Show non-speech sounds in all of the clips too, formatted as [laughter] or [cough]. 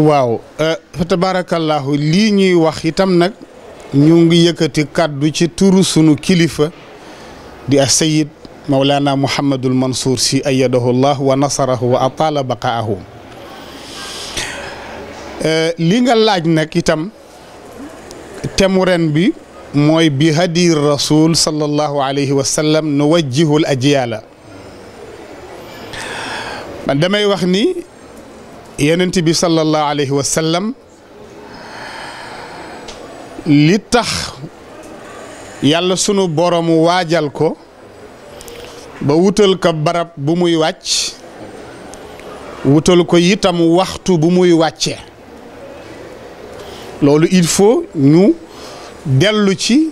waaw eh, fa tabaarakallaahu lii ñuy wax itam nag ñu ngi yëkkati kàddu ci turu sunu kilifa di a sayid maulana muhammadul mansour si ayadahu llah wa nasarahu wa ataala baqaahu eh, li nga laaj nag itam temu bi mooy bi hadi rasul sallallahu alayhi wa nu wajjihul ajiyaala man damay wax ni yonent bi sallallahu alayhi wa li tax yàlla sunu borom waajal ko ba wutal ko barab bu muy wàcc wutal ko itam waxtu bu muy wàcce loolu il faut ñu dellu ci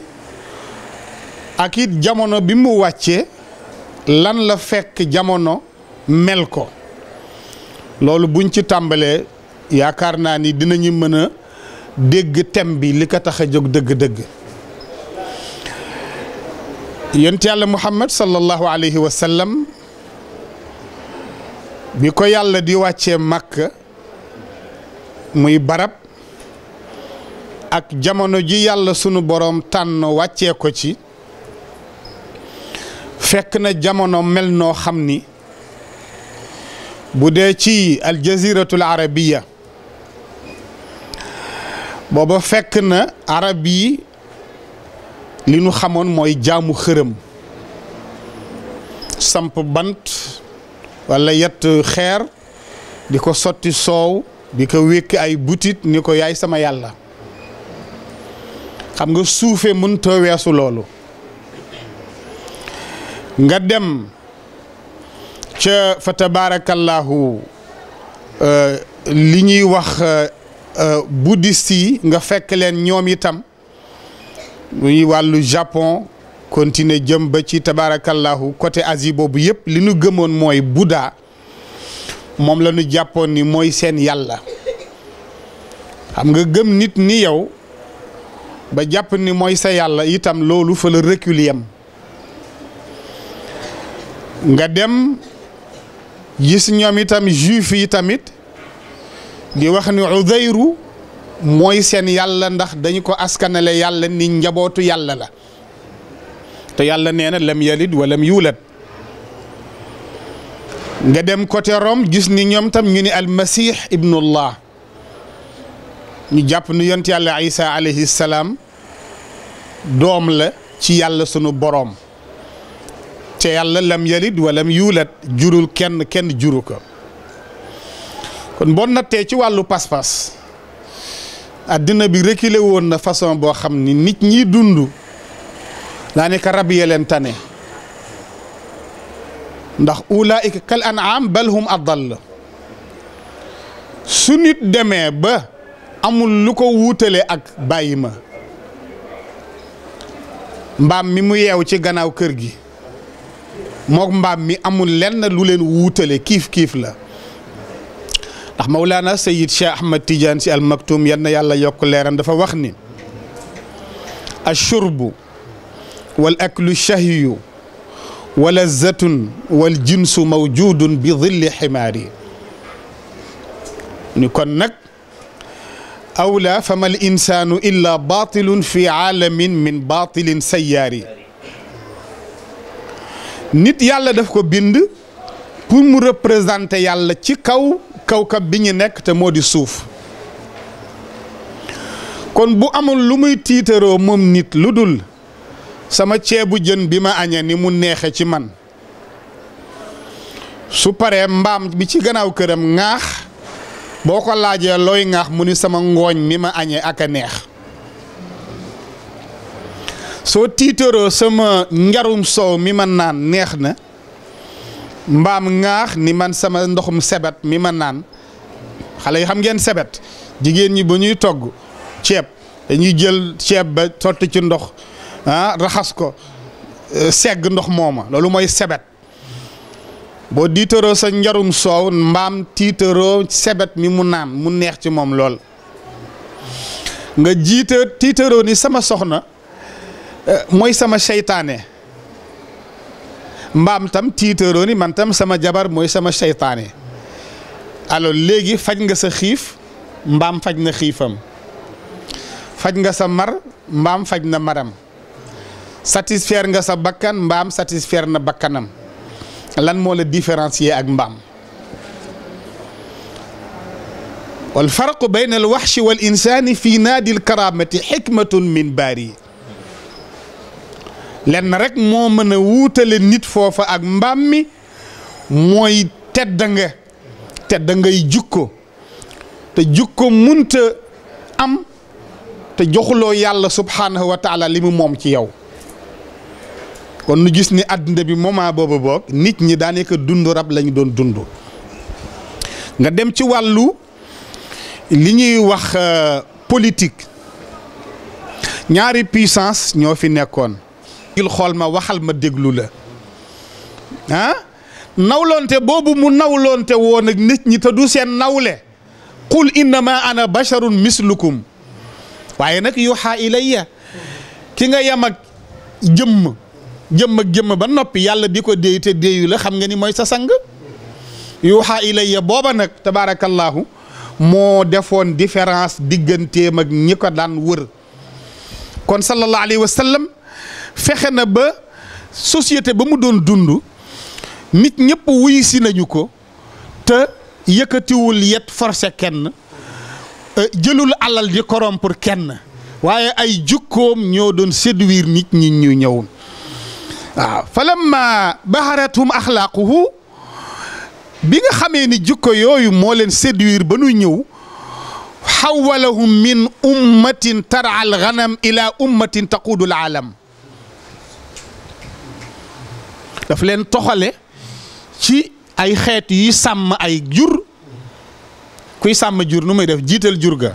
ak it jamono bi mu wàcce lan la fekk jamono mel ko loolu buñ ci tàmbalee yaakaar naa ni dinañu mën a dégg thème bi li ko tax a jóg dëgg-dëgg yonent yàlla muhammad sallallahu alayhi wa sallam bi ko yàlla di wàcce màkk muy barab ak jamono ji yàlla sunu borom tànn wàccee ko ci fekk na jamono mel noo xam ni bu dee ci aljaziratul arabiya booba fekk na arab yi li nu xamoon mooy jaamu xërëm samp bant walla yett xeer di ko sotti soow di ko wékk ay butit ni ko yaay sama yàlla xam nga suufe mëntoo weesu loolu nga dem ca fa tabaarakallaahu euh, li ñuy wax euh, euh, bouddhiste yi nga fekk leen ñoom itam muy wàllu Japon continuer jëm ba ci tabaarakallaahu côté Asie boobu yëpp li ñu gëmoon mooy Bouddha moom la ñu jàppoon ni mooy seen yàlla xam nga gëm nit ni yow ba jàpp ni mooy sa yàlla itam loolu fa la recul nga dem gis ñoom itam juif yi tamit di wax ni Uzayru mooy seen yàlla ndax dañu ko askanale yàlla ni njabootu yàlla la te yàlla nee na lam yalid wa lam yuulad nga dem côté Rome gis ni ñoom tam ñu ni almasih ibnullah ñu jàpp ni yont yàlla isa alayhi salaam doom la ci yàlla sunu boroom te yàlla lam yalid wa lam yuulat jurul kenn kenn juru ko kon boo nattee ci wàllu pas-pas addina bi reculé woon na façon boo xam ni nit ñi dund daanaka rab yee leen tane ndax ulaika kal an'am bal hum adall su nit demee ba amul lu ko wuutale ak bàyyi ma mbaam mi mu yeew ci gannaaw kër gi mook mbaam mi amul lenn lu leen wuutale kiif kiif la ndax Mawlana Sayyid Cheikh Ahmad Tidiane si al maktum yenn yàlla yokk leeram dafa wax ni ashurbu wal aklu shahyu wa lazzatun wal jinsu mawjudun bi dilli ximaari ni kon nag awla fama al insaanu illa baatilun fi aalamin min baatilin sayyaari nit yàlla def ko bind pour mu représenter yàlla ci kaw kawkab bi ñu nekk te moo di suuf kon bu amul lu muy tiitaroo moom nit lu dul sama ceebu jën bi ma añee ni mu neexe ci man su paree mbaam bi ci gannaaw këram ŋaax boo ko laajee looy ŋaax mu ni sama ngooñ mi ma añee ak a neex soo tiitaroo sama njarum soow mi ma naan neex na mbaam ŋaax ni man sama ndoxum sebet mi ma naan xale yi xam ngeen sebet jigéen ñi ba ñuy togg ceeb dañuy jël ceeb ba sotti ci ndox ah raxas ko euh, segg ndox mooma loolu mooy sebet boo tiitaroo sa njarum soow mbaam tiitaroo sebet mi mu naan mu neex ci moom lool nga jiita tiitaroo ni sama soxna Eh, mooy sama seytaane mbaam tam tiitaroo ni man tam sama jabar mooy sama seytaane alors léegi faj nga sa xiif mbaam faj na xiifam faj nga sa mar mbaam faj na maram satisfaire nga sa bakkan mbaam satisfaire na bakkanam lan moo la différencier ak mbaam wal farqu bayna al waxshi wal insaani fi naadi al karaamati xikmatun min baari lenn rekk moo mën a wuutale nit foofa ak mbaam mi mooy tedd nga tedd ngay jukko te jukko munta am te joxuloo yàlla subhaanahu wa taala li mu moom ci yow kon nu gis ni àddina bi moment boobu boog nit ñi daanaka dund rab lañu doon dund nga dem ci wàllu li ñuy wax euh, politik ñaari puissance ñoo fi nekkoon jul xool ma waxal ma déglu la ah nawlonte boobu mu nawlonte woon ak nit ñi te du seen nawle qul innama ana basharun mislukum waaye nag yuuxa ilayya ki nga yem ak jëmm jëmm ba noppi yàlla bi ko déey te déeyu la xam nga ni mooy sa sang yuuxa ilayya booba nag tabaarakallaahu moo defoon différence digganteem ak ñi ko daan wër kon sallallahu alayhi wa fexe na ba société ba mu doon dund nit ñëpp wuy nañu ko te yëkkatiwul yet forcé kenn euh, jëlul alal di corrompre kenn waaye ay jukkoom ñoo doon séduire nit ñi ñu ñëw waaw falamma baharathum axlaaquhu bi nga xamee ni jukko yooyu moo leen séduire ba nu ñëw xawalahum min ummatin tara al ganam ila ummatin taquudu al alam daf leen toxale ci ay xeet yuy sàmm ay jur kuy sàmm jur nu muy def jiital jur ga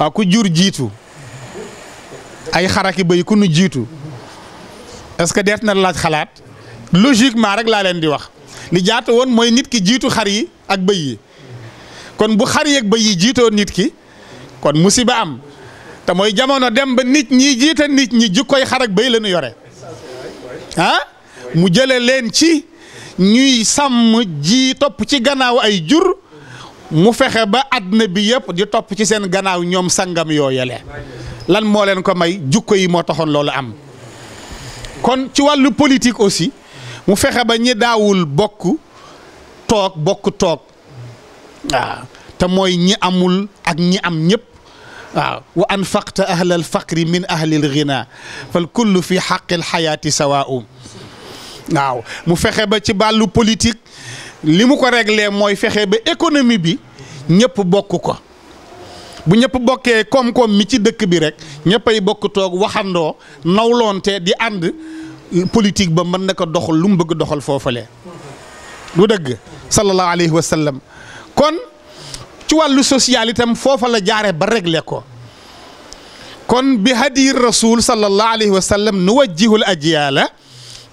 waaw ku jur jiitu ay xaraki bay ku nu jiitu est que deet na laaj xalaat logiquement rek laa leen di wax li jaata woon mooy nit ki jiitu xar yi ak bëy yi kon bu xar yi ak bëy yi jiitoo nit ki kon musiba am te mooy jamono dem ba nit ñi jiite nit ñi jikkoy xar ak bëy la ñu yore ah? mu jële leen ci ñuy sàmm ji topp ci gannaaw ay jur mu fexe ba àddina bi yëpp di topp ci seen gannaaw ñoom sàngam sangam yooyale lan moo leen ko may jukko yi moo taxoon loolu am kon ci wàllu politique aussi mu fexe ba ñi daawul bokk toog bokk toog waaw te mooy ñi amul ak ñi am ñëpp waaw wa anfaqta ahlal faqri min ahlil ghina fal kullu fi xaqil xayaati sawaa'um waaw mu fexe ba ci bàllu politik li mu ko réglé mooy fexe ba économie bi ñëpp bokk ko bu ñëpp bokkee koom mi ci dëkk bi rek ñëppay bokk toog waxandoo nawloonte di ànd politique ba mën na ko doxal lu mu bëgg doxal foofale lu dëgg sallallahu alayhi wa kon ci wàllu social itam foofa la jaare ba réglé ko kon bi hadiyi rasul sallallahu alayhi wa sallam nu wajjihul ajiyaala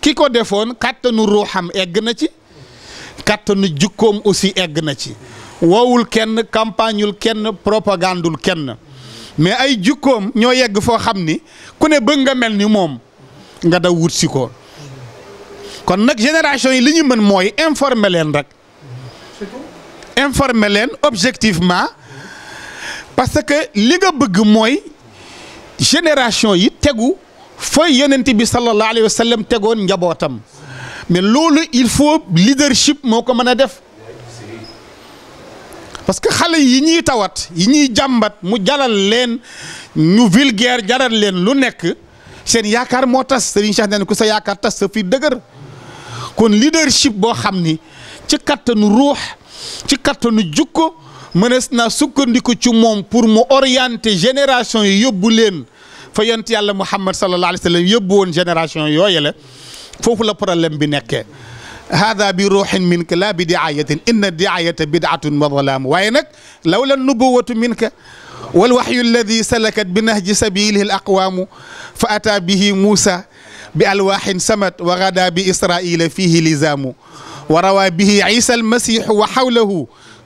ki ko defoon kàttanu ruuxam egg na ci kàttanu jukkoom aussi egg na ci woowul kenn campagneul kenn propagandul kenn mais ay jukkoom ñoo yegg foo xam ni ku ne bëgg nga mel ni moom nga daw wut si ko kon nag génération yi li ñu mën mooy informer leen rek informer leen objectivement parce que li nga bëgg mooy génération yi tegu fa yonent bi sallallahu alayhi wa sallam tegoon njabootam mais loolu il faut leadership moo ko mën a def parce que xale yi ñuy tawat yi ñuy jàmbat mu jaral leen ñu vulgaire jaral leen lu nekk seen yaakaar moo tas Serigne Cheikh nee sa yaakaar tas sa fi dëgër kon leadership boo xam ni ci kattanu ruux ci kattanu jukko mënees naa sukkandiku ci moom pour mu orienter génération yi yóbbu leen. fa yonent yàlla Muhammad sallallahu alayhi wa sallam yóbbu woon génération yooyu la foofu la problème bi nekkee hada bi ruuxin minka laa bi diayatin inna diayata bidaatun wa dalaam waaye nag law la nubuwatu minka wal waxyu alladi salakat bi nahji sabilihi al aqwaamu fa ataa bihi Muusa bi alwaaxin samat wa gada bi Israaila fihi lizaamu wa rawaa bihi Isa almasiixu wa xawlahu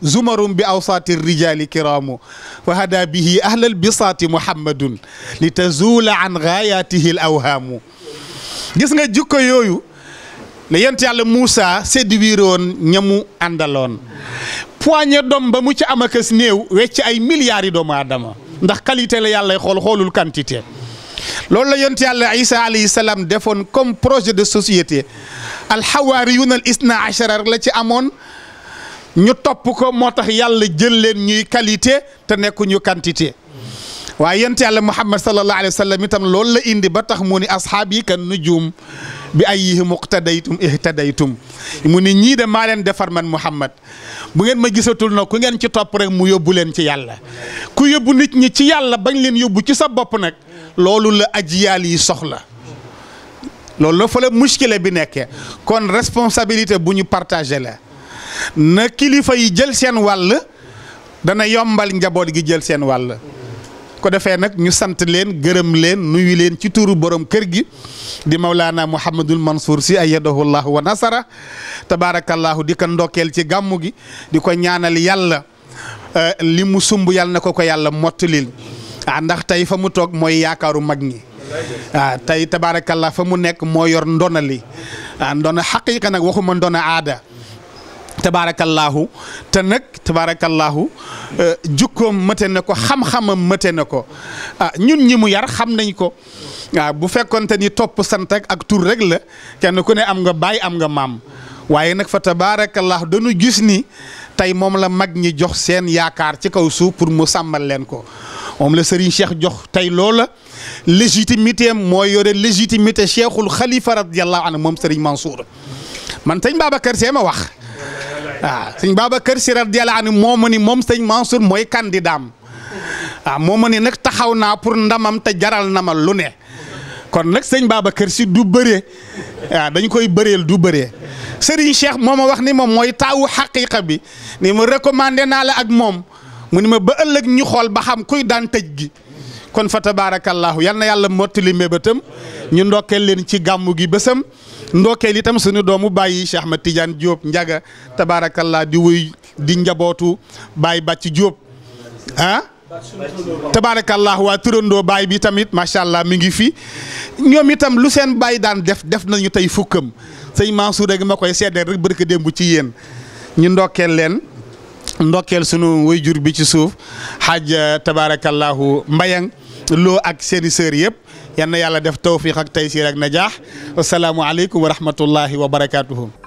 zumarum bi awsaati rijaali kiraamu wa hada bihi ahlal bisaati muhammadun li tazuula an gaayaatihi l awhaamu gis nga jukko yooyu la yent yàlla Moussa séduire woon ñamu àndaloon poignée d'homme ba mu ci am akas néew wecc ay milliards yi adama ndax qualité la yàllay xool xoolul quantité loolu la yont yàlla isa alayhi salaam defoon comme projet de société alxawaariyuun al isna achara la ci amoon ñu topp ko moo tax yàlla jël leen ñuy qualité te nekkuñu quantité waaye yent yàlla muhammad sallallahu alayhi wa sallam itam loolu la indi ba tax mu ni asxaab yi kan nujum bi ay ayyihim iqtadaytum ihtadaytum mu ni ñii de maa leen defar man muhammad bu ngeen ma gisatul na ku ngeen ci topp rek mu yóbbu leen ci yàlla ku yóbbu nit ñi ci yàlla bañ leen yóbbu ci sa bopp nag loolu la ajiyaal yi soxla loolu la fa la muskile bi nekkee kon responsabilité bu ñu partagé la na kilifa yi jël seen wàll dana yombal njaboot gi jël seen wàll ko defee nag ñu sant leen gërëm leen nuyu leen ci tuuru borom kër gi di Mawlana Mouhamadul Mansour si ayyadahu llahu wa nasara tabaarakallahu di ko ndokkeel ci gàmmu gi di ko ñaanal yàlla eh, li mu sumb yàlla na ko ko yàlla mottalil ah ndax tey fa mu toog mooy yaakaaru mag ñi ah tey tabaarakallah fa mu nekk moo yor ndona li ah ndona xaqiqa nag waxuma ndona aada. tabaarakallaahu te nag tabaarakallaahu euh, jukkoom mëte na ko xam-xamam mëte na ko ah ñun ñi mu yar xam nañ ko waaw ah, bu fekkonte ni topp sant ak tur rek la kenn ku ne am nga baay am nga maam waaye nag fa tabaarakallaahu dañu gis ni tey moom la mag ñi jox seen yaakaar ci kaw suuf pour mu sàmmal leen ko moom la Serigne Cheikh jox tey loola légitimité moo yore légitimité Cheikhul Khalifa radiyallahu anhu moom Serigne Mansour man sëñ Babacar Sy a wax. waaw [laughs] ah, sëñ kër Si radiyallaahu anhu moo ma ni moom sëñ Mansour mooy kandidaam waaw ah, moo ma ni nag taxaw naa pour ndamam te jaral na ma lu ne kon nag sëñ Babacar Si du bëree waaw ah, dañ koy bëreel du bëree Serigne Cheikh moo ma wax ni moom mooy taawu xaqiqa bi ni ma recommandé naa la ak moom mu ni ma ba ëllëg ñu xool ba xam kuy daan tëj gi kon fa tabaarakallaahu yal na yàlla mottali mbébétam ñu ndokkeel leen ci gàmmu gi bésam ndokkeel itam suñu doomu bàyyi Cheikh Ahmed Tidiane Diop njaga tabaarakallah di wuy di njabootu bàyyi bàcc Diop ah tabaarakallah waa turandoo baay bi tamit macha allah mi ngi fi ñoom itam lu seen baay daan def def nañu tey fukkam sëñ Mansour rek ma koy seddee rek barka démb ci yéen ñu ndokkeel leen ndokkeel sunu jur bi ci suuf xaaj tabaarakallahu mbayan loo ak seeni sœur yëpp yan na yàlla def tawfiq ak taysir ak najaax asalaamualeykum wa rahmatullahi wa barakaatuhu